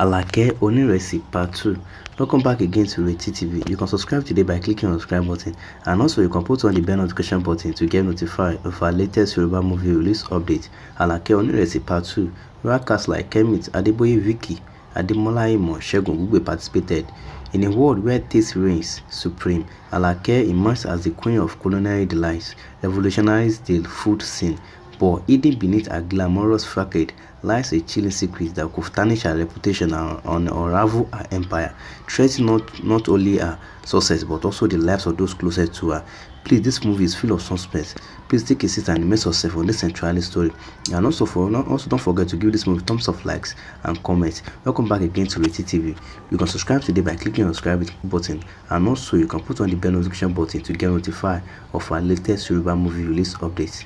Alake Oniresi Part Two. Welcome back again to Reti TV. You can subscribe today by clicking on the subscribe button and also you can put on the bell notification button to get notified of our latest Yoruba movie release update. Alake Oniresi Part 2 Where cast like Kemit, Adeboye Vicky, Ademola Imo, Segun Gbugbe participated. In a world where taste reigns supreme, Alake emerged as the queen of culinary delights, revolutionized the food scene But hidden beneath her glamorous facade lies a chilling secret that could tarnish her reputation and, unravel her empire, threatening not, not only her success but also the lives of those closest to her. Please, this movie is full of suspense. Please take a seat and immerse yourself on this enthralling story. And also, for also don't forget to give this movie thumbs up, likes, and comments. Welcome back again to Rated TV. You can subscribe today by clicking on the subscribe button, and also you can put on the bell notification button to get notified of our latest Yoruba movie release updates.